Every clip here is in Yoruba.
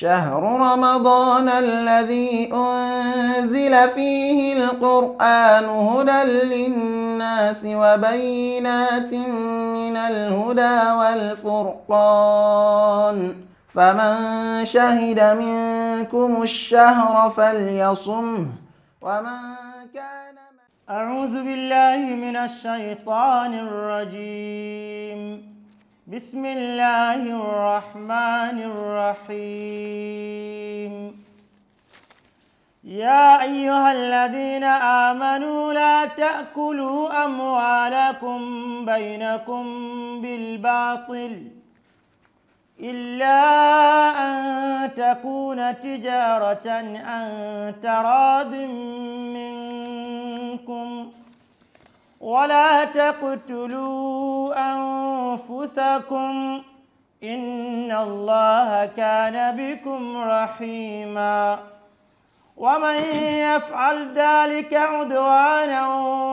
شهر رمضان الذي أنزل فيه القرآن هدى للناس وبينات من الهدى والفرقان فمن شهد منكم الشهر فليصمه ومن كان أعوذ بالله من الشيطان الرجيم بسم الله الرحمن الرحيم يا أيها الذين آمنوا لا تأكلوا أموالكم بينكم بالباطل إلا أن تكون تجارة أن تراض منكم ولا تقتلوا أنفسكم إن الله كان بكم رحيما ومن يفعل ذلك عدوانا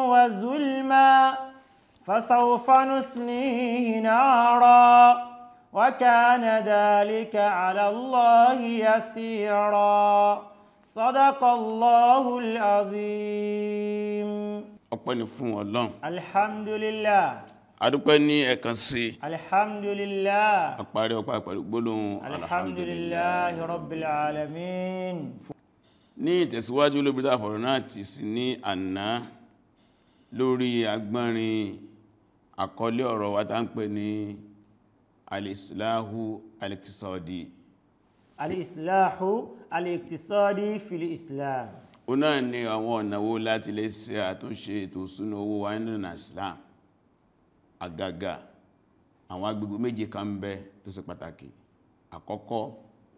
وظلما فسوف نسليه نارا وكان ذلك على الله يسيرا صدق الله العظيم ọpẹ́ ni fún Ọlọ́run alhamdulillah adúpẹ́ ní ẹ̀kan sí alhamdulillah àparí ọpá pẹ̀lú gbólóhùn alhamdulillah rabbil alamin ní ìtẹ̀síwájú olóbìdá àfọ̀rọ̀ náà ti sí ní àná lórí agbọ́nrin àkọlé ọ̀rọ̀ wa tá ń ní alìsìláhù alìktisọ́dì alìsìláhù alìktisọ́dì fil islam ó náà ni àwọn ọ̀nà wo láti lè ṣe àtúnṣe ètò ìṣúná owó wa nínú Islam àgàgà àwọn agbègbè méje kan bẹ tó ṣe pàtàkì àkọ́kọ́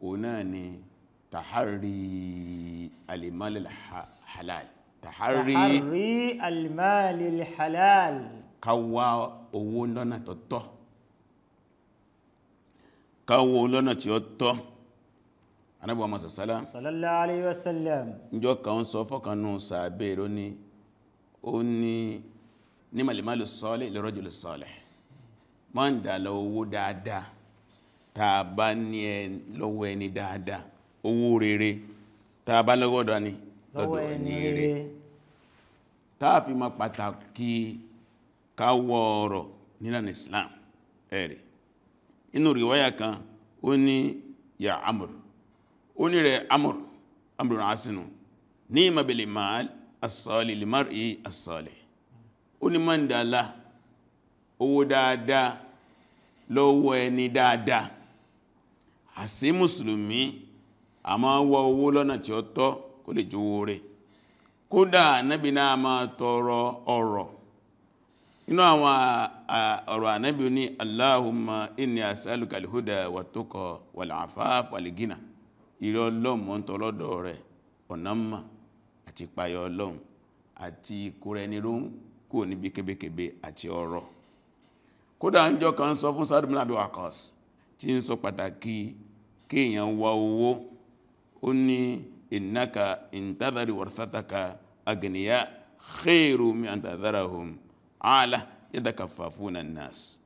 ó náà ni tahari alimalil halal tahari alimalil halal káwà owó lọ́nà tó tọ́ káwà owó lọ́nà tí ó tọ́ anábíwá mọ̀ sàsálá sallallahu alaihi wasallam ìjọ kan sọ fọ́kanú sàábẹ̀ ló ní ó ní ní màlìmálù sọ́lẹ̀ lirajul salih máa ń dàlọ owó dáadáa tàà bá ní ẹ lọ́wọ́ ẹni dáadáa owó rere tàà bá lọ́gọ́dọ̀ ni lọ́dọ̀ ẹni rere tàà fi ma pàtàkì káwọ ọ̀rọ̀ nílànà Islam ẹ̀rẹ̀ inú riwaya kan ó ní ya amur ó ní rẹ̀ amur amurun asinu ní ìmọ̀bẹ̀lẹ̀ máa asọ́lẹ̀ limar yí asọ́lẹ̀ ó ní mọ́ndàlá owó dáadáa lọ́wọ́ ẹni dáadáa àṣí mùsùlùmí a máa wọ owó lọ́nà tí ó tọ́ kó lè jówó rẹ̀ kódà anábì náà máa tọrọ ọrọ̀ inú àwọn ọ̀rọ̀ anábì ní allahumma inni as'aluka al-huda wa tuqa ìrẹ ọlọ́run mọ́ ń tọlọ́dọ̀ rẹ̀ ọ̀nà mọ̀ àti ìpayọ ọlọ́run àti ìkúrẹ nírú kò níbi kébékébé àti ọ̀rọ̀ kódà ń jọ kan sọ fún Sa'd ibn Abi tí ń sọ pàtàkì kéèyàn wá owó ó ní innaka intadhari warthataka agniya khairu min an tadharahum ala yatakaffafuna an-nas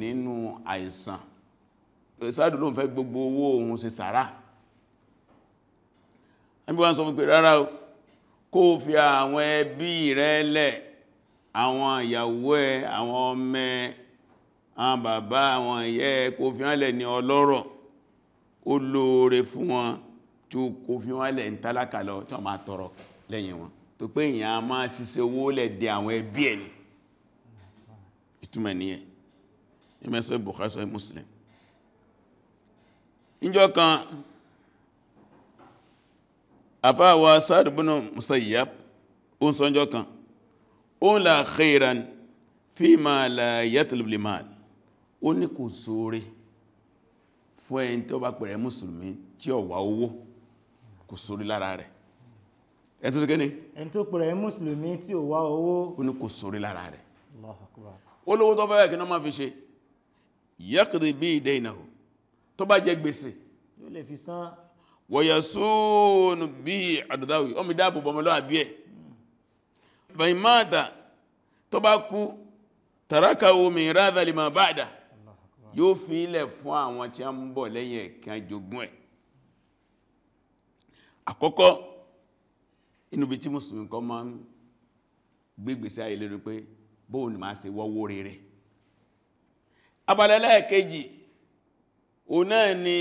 nínú àìsàn sáàdù ló ń fẹ́ gbogbo owó òun ṣe sàárà ẹbí wọ́n sọ wípé rárá kó fi àwọn ẹbí rẹ lẹ̀ àwọn ìyàwó ẹ àwọn ọmọ ẹ àwọn bàbá àwọn ìyẹ́ ẹ kó fi wọ́n lẹ̀ ní ọlọ́rọ̀ ó lóore fún wọn tí ó kó fi wọ́n lẹ̀ ń tálákà lọ tí wọ́n máa tọrọ lẹ́yìn wọn tó pé èyàn a máa ṣiṣẹ́ owó lẹ̀ dé àwọn ẹbí ẹ̀ ni ìtumọ̀ nìyẹn ẹmẹ́sọ́ Bukhari Muslim níjọ́ kan àfáàwà sáàdùbùnà musayyab ó ń sọ níjọ́ kan ó ń la khairan fi ma la yatlub li mal ó ní kò sóre fún ẹni tó bá pẹ̀rẹ̀ mùsùlùmí tí ó wá owó kò sóre lára rẹ̀ ẹni tó tẹ́kẹ́ ni pẹ̀rẹ̀ mùsùlùmí tí ó wá owó ó ní kò sóre lára rẹ̀ tó bá jẹ gbèsè yóò lè fi san wọ̀yà sóònù bí àdọ̀dáwì ọmọ ìdáàbò bọmọlọ́ àbí ẹ̀ hmm. fàìmáàdà tó bá kú tàrákà omi ráàdà lè máa báàdà yóò fi ilẹ̀ fún àwọn tí a ń bọ̀ lẹ́yìn ẹ̀kan jogún kejì òun náà ni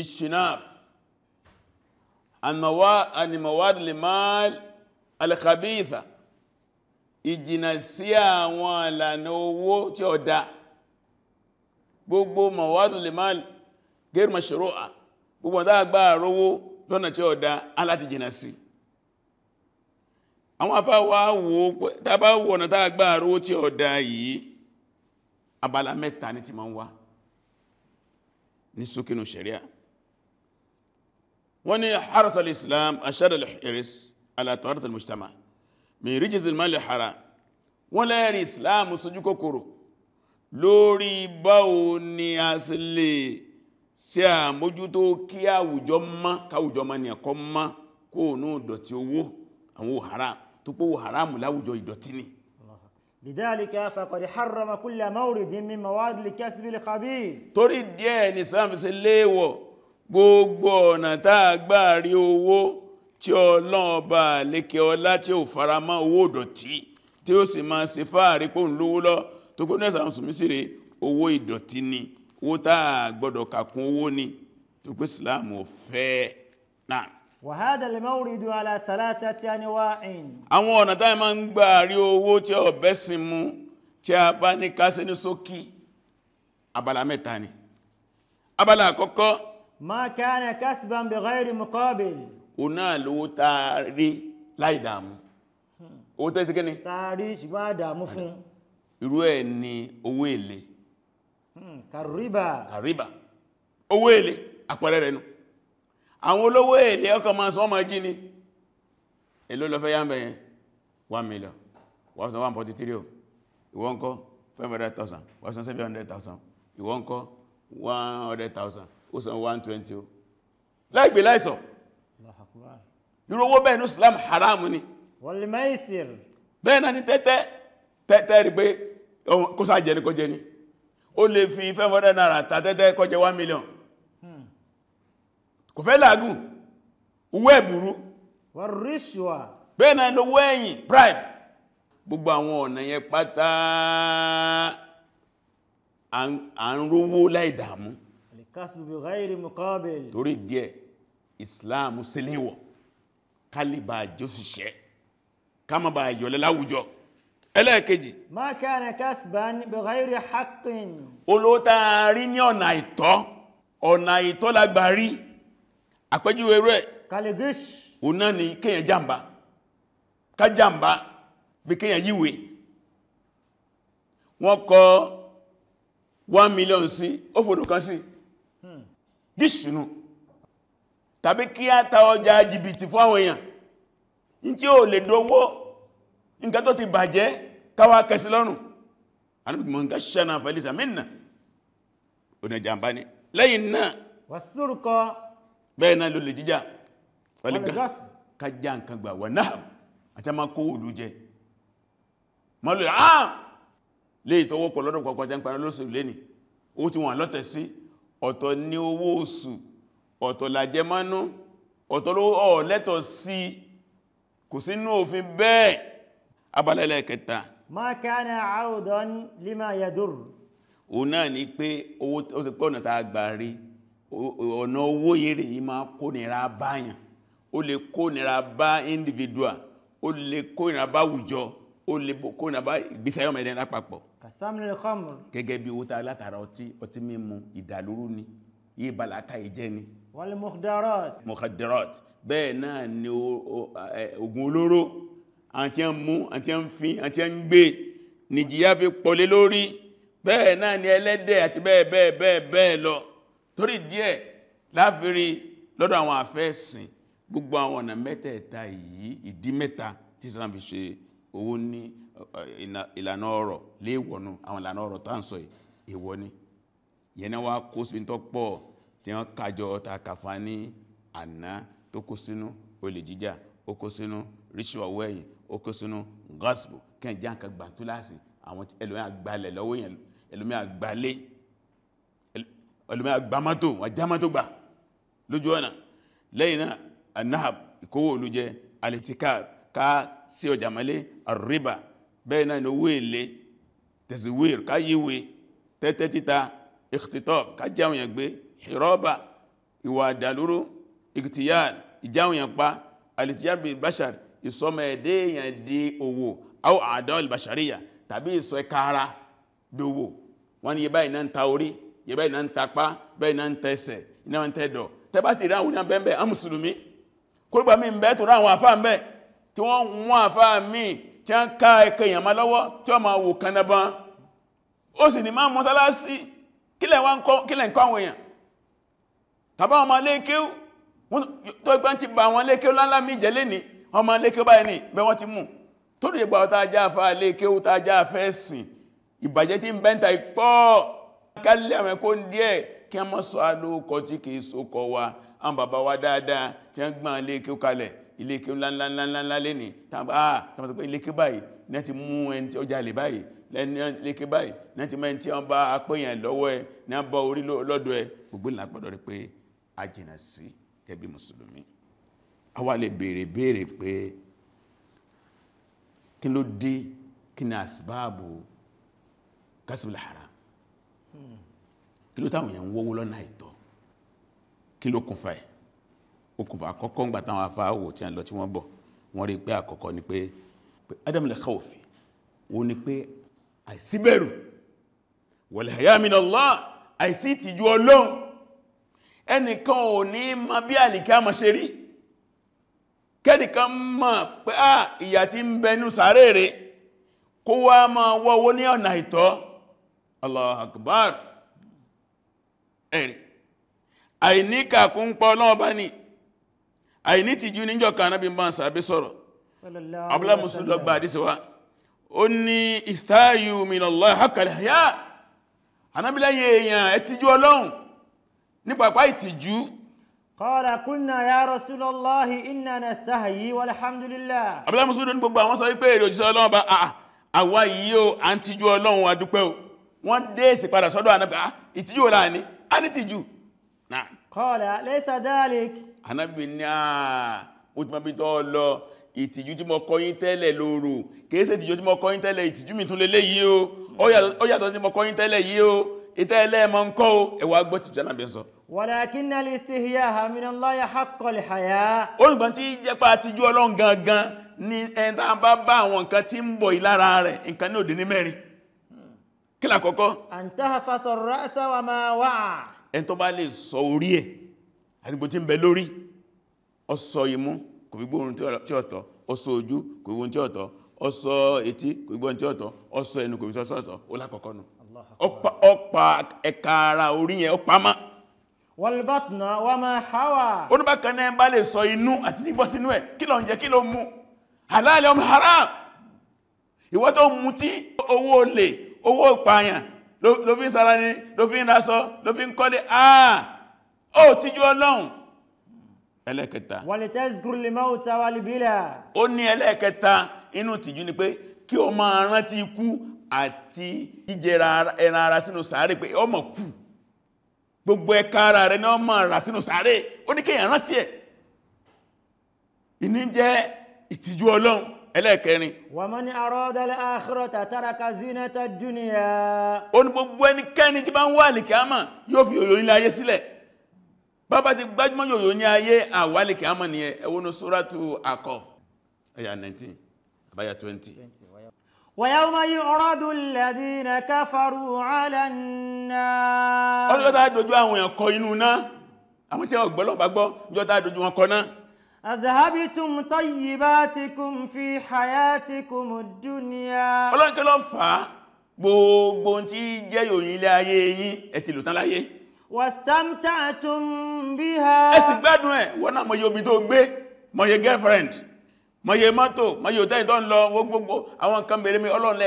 ìṣìnàb ànìmọ̀wádìí lè máa alkhabitha ìjìnà sí àwọn àlànà owó tí ó dá gbogbo mọ̀wádìí lè máa gẹ́rù mọ̀ṣẹ̀rọ̀ à gbogbo ọ̀dá àgbà àrówó lọ́nà tí ó dá aláti jìnà sí àwọn afáwà wò tàbá wọ̀nà tàgbà àrówó tí ó dá yìí abala mẹ́ta ni ti máa ń wá ní sókínú sharia wọ́n ni harasa al-islam ashara al-hiris ala tawarat al-mujtama min rijis al-mali haram wọ́n lẹ́rí islam sójú kòkòrò lórí báwo ni a sì lè sí àmójútó kí àwùjọ má káwùjọ má ní ẹ̀kọ́ má kóònú ìdọ̀tí owó àwọn haram tó pówó haram láwùjọ ìdọ̀tí ni lidhalika faqad harrama kulla mawridin min mawadi likasbi alkhabith torí díẹ̀ ní Islam fi ṣe léèwọ̀ gbogbo ọ̀nà táà gbà rí owó tí Ọlọ́run bá lékè ọlá tí ó faramọ́ owó ìdọ̀tí tí ó sì máa ṣe fáàrí pòun lówó lọ tó kó ní ẹ̀sàn sùmí sí rẹ̀ owó ìdọ̀tí ni owó táà gbọ́dọ̀ kàkún owó ni tó pé Islam ò fẹ́ náà وهذا المورد على ثلاثة أنواع àwọn ọ̀nà tá a máa ń owó tí mu tí a bá ní ká abala mẹ́ta ni abala àkọ́kọ́ ما كان كسبا بغير مقابل òun náà lówó taari owó tẹ́ ni taari ṣùgbọ́n damu fún Iru e ni owó ele. Hmm, kariba! owó èlé àpẹẹrẹ àwọn olówó èlé ọkọ̀ ma sọ ọmọ jí ni èló lọ fẹ́ yá ń bẹ̀yẹn 1 million 1.43 ìwọ ńkọ́ 500,000 1,700,000 ìwọ ńkọ́ 100,000 ó san 120 láìgbé láìsọ̀ ìrówó bẹ́ẹ̀ ní Islam haram ni wal maisir bẹ́ẹ̀ náà ni tẹ́tẹ́ tẹ́tẹ́ rí pé kó sáà jẹ́ ní kó jẹ́ ní ó lè fi 500 naira ta tẹ́tẹ́ kó jẹ́ 1 million kò fẹ́ làágùn owó ẹ̀bùrú wàríṣùwà bẹ́ẹ̀ náà lówó ẹ̀yìn bribe gbogbo àwọn ọ̀nà yẹn pátá à ń rówó láìdàmú alikasbu bi ghayri muqabil torí díẹ̀ Islam síléwọ̀ kálíbà jósìṣẹ́ kama bá láwùjọ ẹlẹ́ẹ̀kejì ma kana ní ọ̀nà àìtọ́ ọ̀nà àìtọ́ lágbàrí àpẹjúwe rẹ̀ kalegish o náà ni kíyàn jàmbá ká jàmbá bí kíyàn yíwe wọ́n kọ 1 million sí ó fòdó kan sí hmm. gíṣùnú tàbí kí a ta ọjà jìbìtì fún àwọn èèyàn in tí ó lè dówó nǹkan tó ti bàjẹ́ káwà kẹsí lọ́rùn alùgbùmọ̀ nǹkan ṣẹ́nà fẹ́lísà mínà ò ní jàmbá ni lẹ́yìn náà wàsúrùkọ́ bẹ́ẹ̀ náà ló lè jíjà kájá nǹkan gbà wà náà àti ma kó òlú jẹ ma lè àà lè ìtọwọ́ pọ̀ lọ́dọ̀ pọ̀pọ̀ ń parí lóṣù lé ó ti wọ́n lọ́tẹ̀ sí ọ̀tọ̀ ní owó oṣù ọ̀tọ̀ làjẹ mánú ọ̀tọ̀ lẹ́tọ̀ sí kò sínú òfin bẹ́ẹ̀ abalẹ́lẹ́ kẹta ma kana audan ọ̀nà owó yẹrẹ yìí máa kó nira báyàn o lè kó nira bá individual o lè kó nira bá àwùjọ o lè kó nira bá ìgbésẹ̀ ọmọ ẹ̀dẹ̀ lápapọ̀ gẹ́gẹ́ bí owó tá látara ọtí ọtí mímu ìdàlúrú ni yìí balaka ìjẹ́ ni wal mukhdarat mukhdarat bẹ́ẹ̀ náà ni oògùn olóró àti ń mú àti ń fi àti ń gbé nìjìyà fi pọ̀lé lórí bẹ́ẹ̀ náà ni ẹlẹ́dẹ̀ àti bẹ́ẹ̀ bẹ́ẹ̀ bẹ́ẹ̀ bẹ́ẹ̀ lọ torí díẹ̀ láfírí lọ́dọ̀ àwọn àfẹ́ẹ̀sìn gbogbo àwọn ọ̀nà mẹ́tẹ̀ẹ̀ta yìí ìdí mẹ́ta tí Islam fi ṣe owó ní eh, ìlànà ọ̀rọ̀ léèwọ̀nú àwọn ìlànà ọ̀rọ̀ tó ń sọ èèwọ̀ ni yẹnẹ́ wá kó sí tó pọ̀ tí wọ́n kájọ ọta kàfà ní àná tó kó sínú olè jíjà ó kó sínú ríṣù ẹ̀yìn ó kó sínú gospel kẹ́ ọlùmí agbámátò wọ́n jámátò gbà lójú ọ̀nà lẹ́yìn náà anahab ìkówó olújẹ alìtíkà ká sí ọjà malé àríbà bẹ́ẹ̀ náà ni owó èlé tẹ̀síwìr ká yíwe tẹ́tẹ́ títa ìkìtìtọ́ ká jáwòyàn gbé hìrọ́bà ìwà àdàlúrú ìkìtìyàn ìjáwòyàn pa alìtíyàn bí bashar ìsọmọ ẹ̀dẹ́ èèyàn di owó àwọn àdọ́ ìbàṣàríyà yẹ bẹ́ẹ̀ náà ń tapá bẹ́ẹ̀ náà ń tẹsẹ̀ iná ń tẹ́dọ̀ tẹ́bá sì ráhùn náà bẹ́ẹ̀ bẹ́ẹ̀ amùsùlùmí kórígbà mi ń bẹ́ẹ̀ tó ráhùn àfá ń bẹ́ẹ̀ tí wọ́n wọ́n àfá mi tí a ń ká ẹkẹ èèyàn má lọ́wọ́ tí ó máa wò kanaban ó sì ní máa mọ́sálásí kílẹ̀ ń kọ́ àwọn èèyàn tàbá ọmọ lékéú tó ẹgbẹ́ ti bá wọn ìbàjẹ́ tí ń bẹ́ǹta ìpọ́ kálẹ̀ àwọn ẹ̀kọ́ díẹ̀ kí a mọ́ sọ alóòkọ́ tí kìí wa àwọn bàbá wa dáadáa tí a ń gbọ́n iléèké kalẹ̀ iléèké ńláńláńláńlá lẹ́ni tàbí a ti gbogbo pé kí ló dé kí àsìbáàbò kásìbìlì kí ló táwọn èèyàn wówó lọ́nà àìtọ́ kí ló kùnfà ẹ̀ okùnfà àkọ́kọ́ ń gbà táwọn afáwò tí a lọ tí wọ́n bọ̀ wọ́n rí pé àkọ́kọ́ ni pé adam lè ká òfin wọ́n ni pé àìsíbẹ̀rù wal haya min Allah àìsí ìtìjú ọlọ́run ẹnìkan ò ní ma bí àlìkẹ́ àmọ́ ṣe rí kẹ́nìkan mọ̀ pé à ah, ìyà tí ń bẹnu sàárè rẹ̀ kó wá máa wọ́wọ́ ní ọ̀nà àìtọ́ Allah akbar ẹ̀rì àìníkà kún pọ́ lọ́ọ̀bá ní àìní ti jú níjọ́ kan náà bí máa sàbí sọ̀rọ̀ abúlá musulọ́gbà àdísíwá ó ní istayu minallahi haqqal haya anábílẹ́yìn èèyàn ẹ tijú ọlọ́run ní pàpá ìtìjú qala kunna ya rasulallahi inna nastahyi walhamdulillah abúlá musulọ́gbà wọ́n sọ wípé èrè òjísọ́ ọlọ́run bá àwá yìí ó à ń tijú ọlọ́run adúpẹ́ o wọ́n dẹ́ẹ̀sì padà sọ́dọ̀ anábì ah, ìtìjú wọ́n láàní a ní tìjú náà kọ́ọ̀lá lẹ́sà dáàlìk anábì ní àà ah, ó ti ma bí tọ́ lọ ìtìjú tí mo kọ́yín tẹ́lẹ̀ lóòrò kèése ìtìjú tí mo kọ́yín tẹ́lẹ̀ ìtìjú mi tún lélé yìí ó yàtọ̀ tí mo kọ́yín tẹ́lẹ̀ yìí ó ìtẹ́lẹ̀ mọ́ ń ni ẹ̀ntà bá bá àwọn nǹkan kí la kọ́kọ́ àntahafasọ̀ ra'sa wa ma wa'a ẹn tó bá lè sọ orí ẹ̀ àti bó ti ń bẹ lórí ó sọ imú kò fi gbóhun tí ó tọ́ ó sọ ojú kò fi gbóhun tí ó tọ́ ó sọ etí kò fi gbóhun tí ó tọ́ ó sọ ẹnu kò fi sọ́sọ́sọ́ ó lákọ̀ọ́kọ́ nù ó lè owó ìpààyàn ló fi ń sára ní ló fi ń rásọ ló fi ń kọ́lé àà ó tíjú ọlọ́run ẹlẹ́kẹta ó ní ẹlẹ́kẹta inú tìjú ni pé kí o máa rántí ikú àti jíjẹra ẹran ara sínú sàárè pé ó mọ̀ kú gbogbo ẹka ara rẹ̀ ní ọmọ ara sínú sàárè ó ní kéèyàn rántí ẹ̀ ìní jẹ́ ìtìjú ọlọ́run ẹlẹ́ẹ̀kẹrin wa man arada al-akhirata taraka zinata ad-dunya ó ní gbogbo ẹnikẹ́ni tí bá ń wà lìkíámà yóò fi òyò ilé ayé sílẹ̀ bàbá ti gbájúmọ́ yòyò ní ayé àwà lìkíámà ni ẹwọ́nú suratu Aqaf ẹ̀yà 19 àbáyà 20 أذهبتم طيباتكم في حياتكم الدنيا Ọlọ́run kí ló fà á gbogbo tí jẹ́ yòyìn ilé ayé yín ẹ ti lò tán láyé wastamta'tum biha ẹ sì gbádùn ẹ̀ wọ́n náà mọye omi tó gbé mọye girlfriend mọye mọ́tò mọye òtẹ́ tó ń lọ gbogbo àwọn nǹkan mẹ́rẹ́ mi Ọlọ́run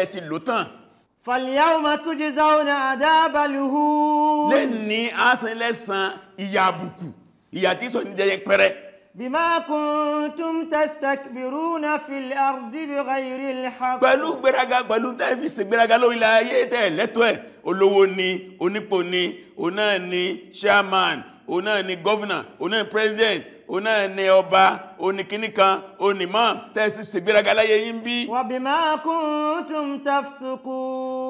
lẹ́ bima kuntum tastakbiruna fil ardi bighayri al-haqq. pẹ̀lú gbéraga pẹ̀lú tẹ́fì sí gbéraga lórílẹ̀ ayé tẹ́ lẹ́tọ́ ẹ̀ olówó ni onípò ni oná ni chairman oná ni governor oná ni president oná ni ọba oníkíníkan onímọ̀ tẹ́sí sí gbéraga láyé yín bí. wa bima kuntum tafsukun.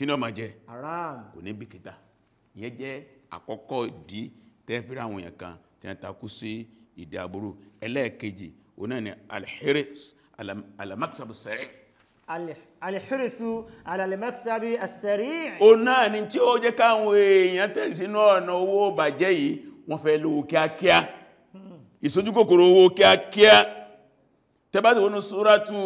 kí ni ó máa jẹ haram kò ní bìkítà ìyẹn jẹ́ àkọ́kọ́ ìdí tẹ́fìrí àwọn èèyàn kan tí wọ́n takú sí ìdí aburú ẹlẹ́ẹ̀kejì oná ni alhiris alamaksabu sẹ́rẹ̀ alhirisu ni tí ó jẹ́ káwọn èèyàn tẹ̀rì sínú ọ̀nà owó bàjẹ́ yìí wọ́n fẹ́ lówó kíákíá ìṣojú owó kíákíá tẹ́bá sì wọnú súrátù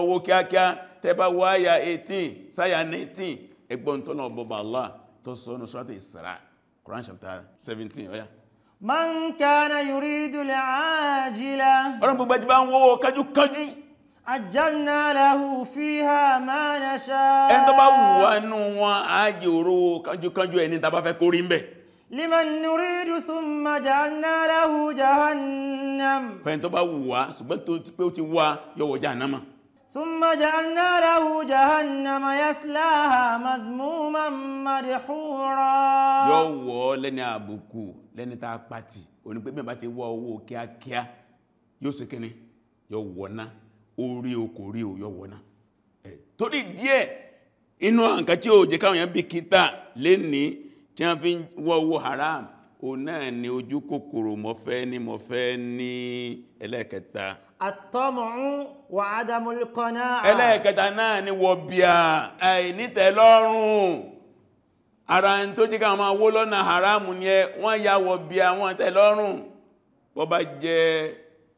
owó kíákíá tẹba wáyà 18 sáyà 19 ẹgbọ́n tọ́nà ọbọ̀bà Allah tó sọ́nà sọ́tẹ̀ Isra Quran chapter 17 ọya man kana yuridu al-ajila ọ̀rọ̀ gbogbo ẹjì bá ń wó kájúkájú liman nuridu thumma ja'alna lahu jahannam fẹ́ bá wùwá ṣùgbọ́n tó ti pé ó ti wá yọwọ̀ jahannama ثم جعلنا له جهنم يسلاها مذموما مدحورا yóò wọ́ lẹ́ni àbùkù lẹ́ni tá pàtì onípe mẹ́bá ti wọ́ owó kíákíá yóò sì kíní yóò wọ́ná orí okò rí o yóò wọ́ná torí díẹ̀ inú àǹkà tí ó jẹ káwọn yẹn bí kíta lè ní tí wọ́n fi wọ́ owó haram o náà ni ojú kòkòrò mọ́fẹ́ ní mọ́fẹ́ ní ẹlẹ́kẹta àtọ́mọ̀ún wà ádámúlé kọ́nà ẹlẹ́ẹ̀kẹta náà ni wọ bíà àìnítẹ̀ lọ́rùn ara ń tó jíká ma wó lọ́nà haramu ni ẹ wọ́n ya wọ bíà wọ́n tẹ́ lọ́rùn bọ́ bá jẹ́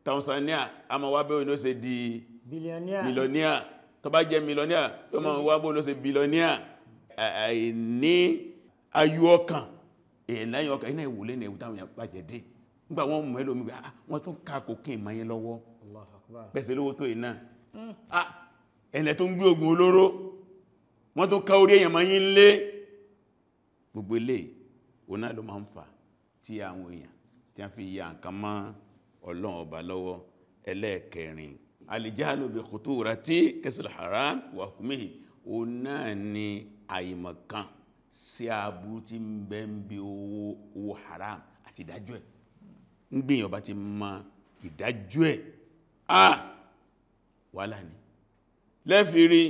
Tanzania a ma wá bẹ́ẹ̀ ló di billionaire tó jẹ́ gbà wọ́n mọ̀ ẹlòmí gbà ah, wọ́n tún ká kòkí ìmọ̀yẹn lọ́wọ́ pẹ̀sẹ̀ lówó tó iná hmm. ah, ẹ̀lẹ̀ tó ń gbé ogun olóró wọ́n tún ká orí èyàn mọ̀yí lé gbogbo ilé oná ló máa ń fà tí àwọn èèyàn tí a fi ya nǹkan mọ́ ọlọ́run ọba lọ́wọ́ ẹlẹ́ẹ̀kẹrin alìjáàlò bí rà tí kẹsìlì haram wà kúmí o ni àìmọ̀kan sí aburú tí ń bẹ ń bí owó haram àti ìdájọ́ ẹ̀ ń gbé èyàn bá ti mọ ìdájú ẹ̀ ah wàhálà ni lẹ́fìrí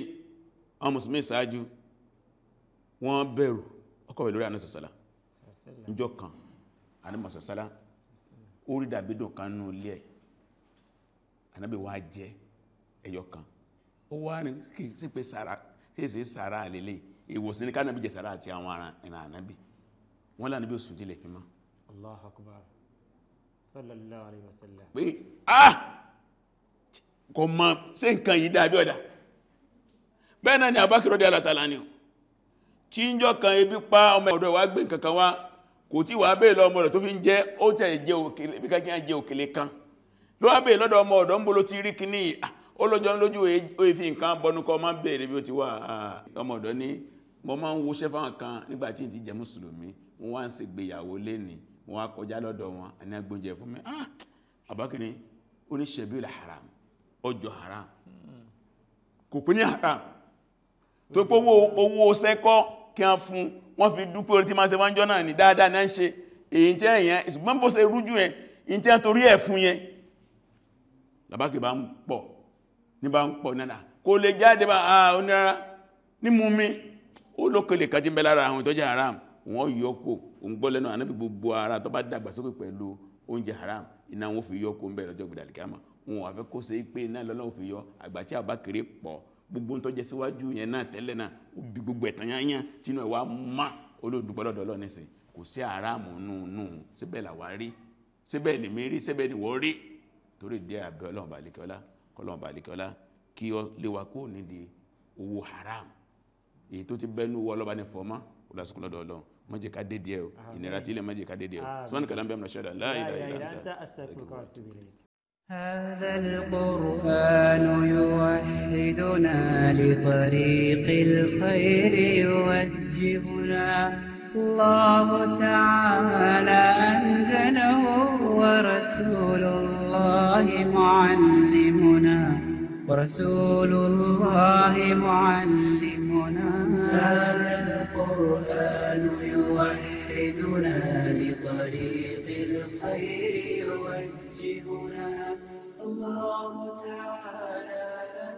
àwọn musulmi sáájú wọ́n bẹ̀rù ọkọ̀ pẹ̀lú àná sọ̀sọ́lá níjọ́ kan àná sọ̀sọ́lá ó rí dàbídò kan nú ilé ẹ̀ ànábì wá jẹ ẹyọ kan ó wá ní kí sí pé sára tí èsì sára àlélé ìwòsàn ní kánábì jẹ sára àti àwọn ìrìn ànábì wọ́n lánàbí òsùn jílẹ̀ fi mọ́ Allah akbar pé ah kò mọ̀ sí nǹkan yìí dábí ọ̀dá bẹ́ẹ̀ náà ni àbákìrọ̀ dí alátàlá ni tí ń jọ kan ebi pa ọmọ ọ̀dọ̀ wá gbé nǹkankan wá kò tí wà bẹ́ẹ̀ lọ ọmọ rẹ̀ tó fi ń jẹ́ ó tẹ́ jẹ́ òkèlè kan ló wá bẹ́ẹ̀ lọ́dọ̀ ọmọ ọ̀dọ̀ ń bó ló ti rí kíní ọlọ́jọ́ ah, lójú èéfin nǹkan bọnukọ ma ń bẹ̀rẹ̀ bí ó ti wà ah, ọmọ ọ̀dọ̀ ní mo máa ń wo sẹ́fà kan nígbàtí ìtìjẹ mùsùlùmí wọ́n wá ń ṣègbéyàwó lénìí wọ́n á kọjá lọ́dọ̀ wọn ẹni agbóúnjẹ fún mi ah àbákiri ó ní ṣẹ̀bí haram ọjọ́ haram kò pín ní haram tó pé owó sẹ́kọ́ kí wọ́n fún wọ́n fi dúpẹ́ orí tí máa ṣe wọ́n jọ náà ní dáadáa náà ṣe èyí tí ẹ̀yẹn ìṣùgbọ́n bó ṣe rújú ẹ̀ èyí tí wọ́n torí ẹ̀ fún yẹn làbákiri bá ń pọ̀ ní bá ń pọ̀ náà kò lè jáde bá onírara ah, ní mú mi ó lókèlè kájí ń bẹ lára àwọn ìtọ́jú haram wọ́n yọ́pọ̀ òun gbọ́ lẹ́nu ànábì gbogbo ara tó bá dàgbà sókè pẹ̀lú oúnjẹ haram iná wọn fi yọ kó ń bẹ̀rẹ̀ lọ́jọ́ gbìdàlìkàmà wọn wà fẹ́ kó ṣe pé iná lọ́lọ́run fi yọ àgbà tí àbá kéré pọ̀ gbogbo tó jẹ síwájú yẹn náà tẹ́lẹ̀ náà ó bí gbogbo ẹ̀tàn yányá tínú ẹ̀ wá má olódùgbọ́lọ́dọ̀ nísìn kò sí haram nùnù síbẹ̀ làwa rí síbẹ̀ ni mi rí síbẹ̀ ni wọ́n rí torí dé àbẹ̀ ọlọ́run balikọ́lá kọ́lọ́run balikọ́lá kí ọ léwa kúrò nídìí owó haram èyí tó ti bẹ́nu wọ́ ọlọ́ba ní fọ́mọ́ ọlọ́sùkúlọ́dọ̀ ọlọ́run má jẹ́ ká dédé ẹ̀ ìnira tí ilẹ̀ má jẹ́ ká dédé إلا sọ́nà kàlámbẹ́ mọ̀ ṣẹ́dá هذا القرآن يوحدنا لطريق الخير يوجهنا الله تعالى أنزله ورسول الله معلمنا ورسول الله معلمنا هذا القرآن يوحدنا لطريق الخير يوجهنا الله تعالى